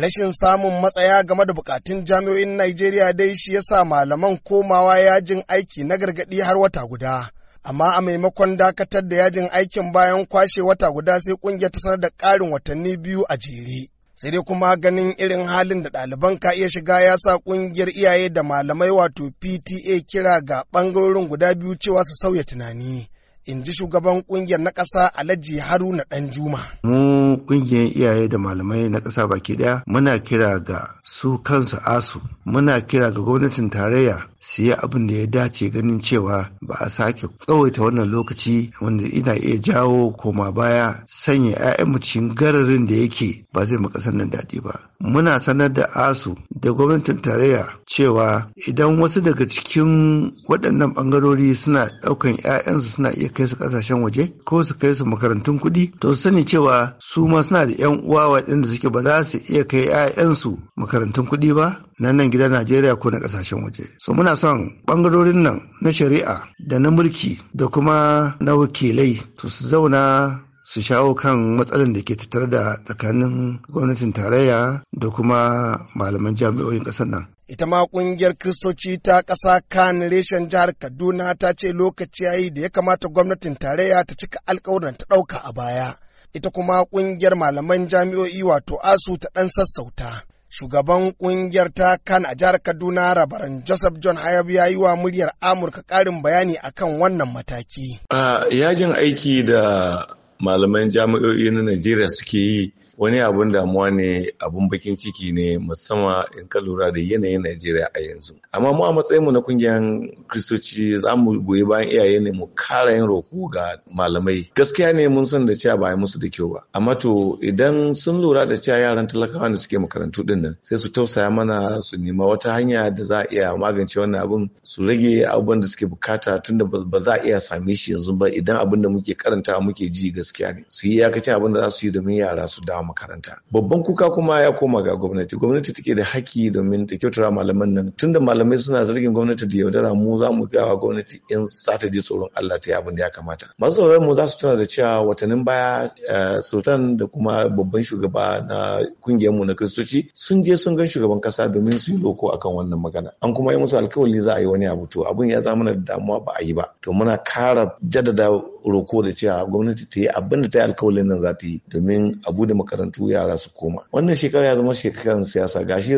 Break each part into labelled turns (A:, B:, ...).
A: rashin samun matsaya game da bukatun jami'o'in Najeriya dai shi yasa malaman komawa yajin aiki na gargadi har wata guda. Amma a maimakon dakatar da yajin aikin bayan kwashe wata guda sai kungiyar ta sanar da ƙarin watanni biyu a jere. Sai dai kuma ganin irin halin da ɗaliban ka iya shiga ya sa ƙungiyar iyaye da malamai wato PTA kira ga ɓangarorin guda biyu cewa su sauya tunani. In ji shugaban ƙungiyar na ƙasa Alhaji Haruna Ɗanjuma.
B: Mu kungiyar ƙungiyar iyaye da malamai na ƙasa baki ɗaya muna kira ga su kansu asu muna kira ga gwamnatin tarayya su yi abin da ya dace ganin cewa ba a sake tsawaita wannan lokaci wanda ina iya jawo koma baya sanya mu cikin gararin da yake ba zai maka sannan daɗi ba muna sanar da asu da gwamnatin tarayya cewa idan wasu daga cikin waɗannan ɓangarori suna ɗaukan 'ya'yansu suna iya kai su ƙasashen waje ko su kai su makarantun kuɗi to su sani cewa su ma suna da yan uwa waɗanda suke ba za su iya kai 'ya'yansu makarantun kuɗi ba na nan gidan Najeriya ko na ƙasashen waje. So muna son ɓangarorin nan na shari'a da na mulki da kuma na wakilai to su zauna su shawo kan matsalar da ke tattare da tsakanin gwamnatin tarayya da kuma malaman jami'o'in ƙasar nan.
A: Ita ma ƙungiyar Kiristoci ta ƙasa kan reshen jihar Kaduna ta ce lokaci yayi da ya kamata gwamnatin tarayya ta cika alƙawuran ta ɗauka a baya. ita kuma ƙungiyar malaman jami'o'i wato asu ta ɗan sassauta. Shugaban ƙungiyar ta kan a jihar Kaduna rabaran Joseph John Hayab ya yi wa muryar Amurka ƙarin bayani akan wannan mataki.
C: Uh, yajin aiki da malaman jami'o'i na Najeriya suke yi wani abun damuwa ne abun bakin ciki ne musamman in ka lura da yanayin Najeriya a yanzu. Amma mu a matsayin mu na kungiyar Kristoci za mu goyi bayan iyaye ne mu kara yin roko ga malamai. Gaskiya ne mun san da cewa ba musu da kyau ba. Amma to idan sun lura da cewa yaran talakawa da suke makarantu din nan sai su tausaya mana su nema wata hanya da za a iya magance wannan abun su rage abubuwan da suke bukata tunda ba za a iya same shi yanzu ba idan abin da muke karanta muke ji gaskiya. gaskiya ne su yi yakacin abin da za su yi domin yara su dawo makaranta babban kuka kuma ya koma ga gwamnati gwamnati take da haƙƙi domin ta kyautata malaman nan tunda malamai suna zargin gwamnati da yaudara mu za mu gawa gwamnati in za ta ji tsoron Allah ta yi abin da ya kamata masu tsoron mu za su tuna da cewa watannin baya eh, sultan da kuma babban shugaba na kungiyar mu na kristoci sun je sun gan shugaban kasa domin su yi loko akan wannan magana an kuma yi musu alkawari za a yi wani abu to abin ya zama da damuwa ba a yi ba to muna kara jaddada roko da cewa gwamnati ta yi abin da ta yi alkawalin nan za ta yi domin a bude makarantu yara su koma wannan shekara ya zama shekaran siyasa gashi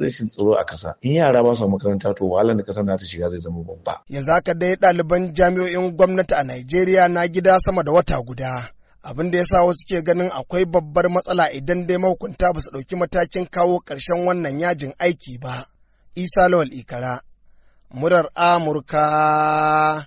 C: rashin tsaro a kasa in yara ba su makaranta to wahalar da kasa na ta shiga zai zama babba
A: yanzu haka dai ɗaliban jami'o'in gwamnati a Najeriya na gida sama da wata guda abin da ya sa wasu ke ganin akwai babbar matsala idan dai mahukunta ba su ɗauki matakin kawo ƙarshen wannan yajin aiki ba. Isa Lawal Ikara, murar
C: Amurka